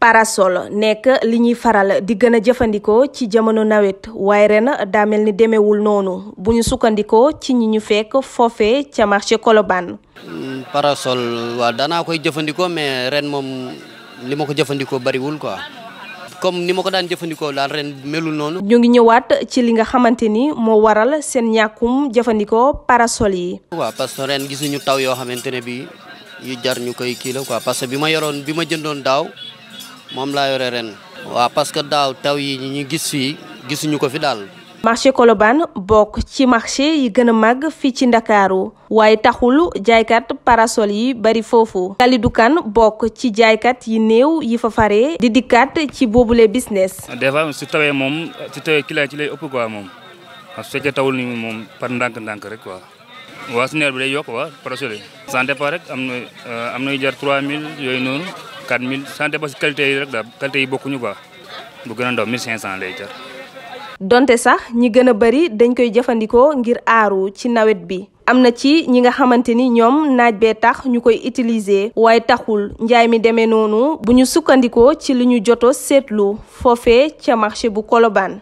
parasol nekk li ñuy faral di gëna jëfandikoo ci jamono nawet waaye ren daa mel ni demewul noonu bu ñu sukkandikoo ci ñi ñu fekk foofe ca marché Colobane. Hmm, parasol waaw danaa koy jëfandikoo mais ren moom li ma ko jëfandikoo bariwul quoi. comme ni ma ko daan jëfandikoo daal ren melul noonu. ñu ngi ñëwaat ci li nga xamante ni moo waral seen ñàkkum jëfandikoo parasol yi. waa parce que ren gisuñu taw yoo xamante ne bii yu jar ñu koy kii la parce que bi ma yoroon bi ma jëndoon daaw moom laa yore ren. waaw parce que daaw taw yi ñu gis fii gisuñu ko fi daal. marché Colobane bokk ci marché yi gën a màgg fii ci ndakaaru waaye taxul jaaykat parasol yi bari foofu Kalidou Kane bokk ci jaaykat yi néew yi fa fare di dikkaat ci boobu boobule business. des fois su tawee moom su tawee client ci lay ëpp quoi moom su fekkee tawul ni moom par ndànk-ndànk rek quoi. waa su neer bi day yokk waa parasol yi. sans départ rek am na euh, am na jar 3000 yooyu noonu 4000 sans départ si qualité yi rek daal qualité yi bokkuñu quoi bu gën ndaw 1500 lay jar. donte sax ñi gën a bari dañ koy jëfandikoo ngir aaru ci nawet bi am na ci ñi nga xamante ni ñoom naaj bee tax ñu koy utiliser waaye taxul njaay mi demee noonu bu ñu sukkandikoo ci li ñu joto seetlu foofee ca marché bu Colobane